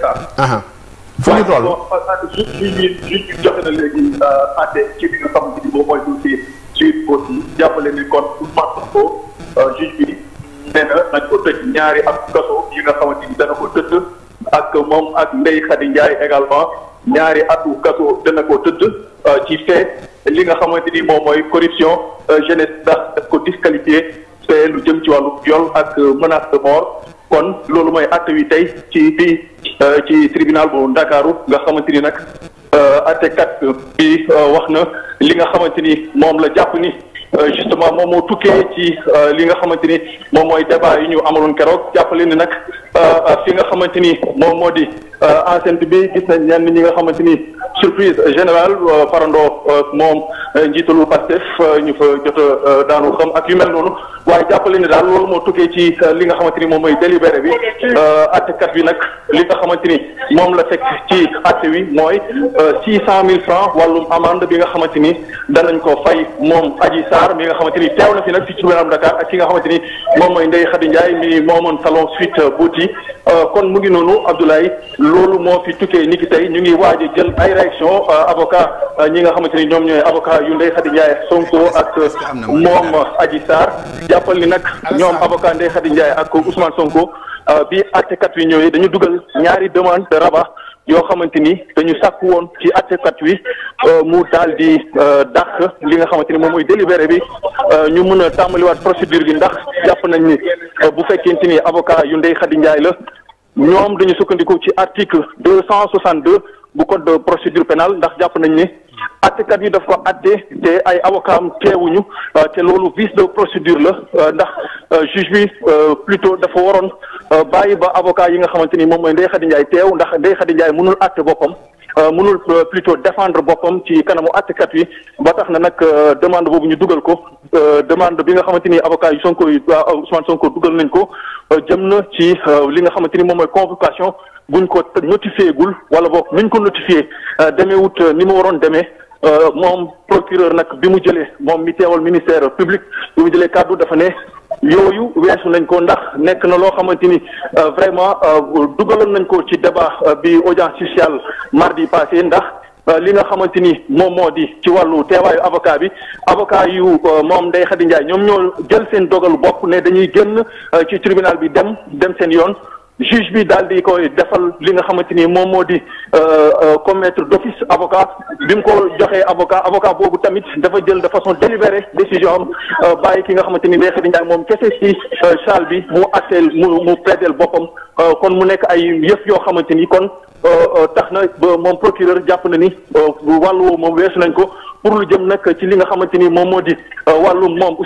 état. fu ñu toll ju ju ju joxe na léegi euh, àtte ci li nga xamante ni moom mooy dossier suite aussi jàppale ni kon Ousmane Sonko euh, juge bi nee na nañ ko tëj ñaari ak kaso yi nga xamante ni dana ko tëdd ak moom ak Ndeye Khady Ndiaye également ñaari at kaso dana ko tëdd euh, ci fee li nga xamante ni moom mooy corruption jeunesse daal daf ko disqualifié fee lu jëm ci wàllu viol ak menace de mort kon loolu mooy àtte wi tey ci bi Euh, ci tribunal bu Ndakaaru nga xamante ni nag àttekat euh, bi euh, wax na li nga xamante ni moom la jàpp ni justement moom moo tukkee ci li nga xamante ni moom mooy débat yi ñu amaloon keroog jàppale ni nag fi nga xamante ni moom moo di enceinte bi gis nañ ñenn ñi nga xamante ni surprise générale farandoo moom njiitalu Pastef ñu fa jot daanu xam ak yu mel noonu waaye jàppale ni daal loolu moo tukkee ci euh, li nga xamante ni moom mooy délibéré bi euh, attekat bi nag li nga xamante ni moom la teg ci atte wi mooy euh, six cent mille francs wàllum amende bi nga xamante ni danañ ko fay moom Adji Sarr mi nga xamante ni teew na fi nag ci tribunal Dakar ak ki nga xamante ni moom mooy Ndeye Khady Ndiaye mi moomoon salon suite bouti kon mu ngi noonu Abdoulaye loolu moo fi tukkee ni ki tey ñu ngi waaj jël ay réaction avocat ñi nga xamante ni ñoom ñooy avocat yu Ndeye Khady Ndiaye Sonko ak moom Adji Sarr jàppal ni nag ñoom avocat Ndeye Khady Ndiaye ak Ousmane Sonko euh, bi àttekat wi ñëwee dañu dugal ñaari demande de rabat yoo xamante ni dañu sàkk woon ci àttekat wi euh, mu daal di euh, dàq li nga xamante ni moom mooy délibéré bi ñu mën a tàmbaliwaat procédure bi ndax jàpp nañ ni bu fekkente ni avocat yu Ndeye Khady Ndiaye la ñoom dañu sukkandiku ci article deux cent soixante deux bu code de procédure pénale ndax jàpp nañ ni attekat yi dafa ko atte te ay avocaam teewuñu euh, te loolu vice de procédure la euh, ndax euh, juge bi plutôt dafa waroon bàyyi ba avocat yi nga xamante ni moom mooy Ndeye Khady Ndiaye teew ndax Ndeye Khady mënul atte boppam mënul plutôt défendre boppam ci kanamu àttekat yi ba tax na nag demande boobu ñu dugal ko demande bi nga xamante ni avocat yi Sonko yi Ousmane Sonko dugal nañ ko jëm na ci li nga xamante ni moom mooy convocation buñ ko notifié gul wala boog nuñ ko notifié demee wut ni mu waroon demee. Euh, moom procureur nag bi mu jëlee moom mi teewal ministère publique bi mu jëlee kàddu dafa ne yooyu weesu nañ ko ndax nekk na loo xamante ni euh, vraiment euh, dugaloon nañ ko ci débat bi audience sociale mardi passé ndax li nga xamante ni moom moo di ci wàllu teewaayu avocat bi avocat yu moom day Khady Ndiaye ñoom ñoo jël seen dogalu bopp ne dañuy gën ci tribunal bi dem dem seen yoon juge bi daal di koy defal li nga xamante ni moom moo di euh, euh, commettre d'office avocat bi mu ko joxee avocat avocat boobu tamit dafa jël de façon délibérée décision am euh, bàyyi ki nga xamante ni Ndeye Khady Ndiaye moom kese ci salle bi mu atteel mu mu plaideel boppam kon mu nekk ay yëf yoo xamante ni kon tax na ba moom procureur jàpp na ni wàll woowu moom weesu nañ ko pour lu jëm nag ci li nga xamante ni moom moo di wàllu moom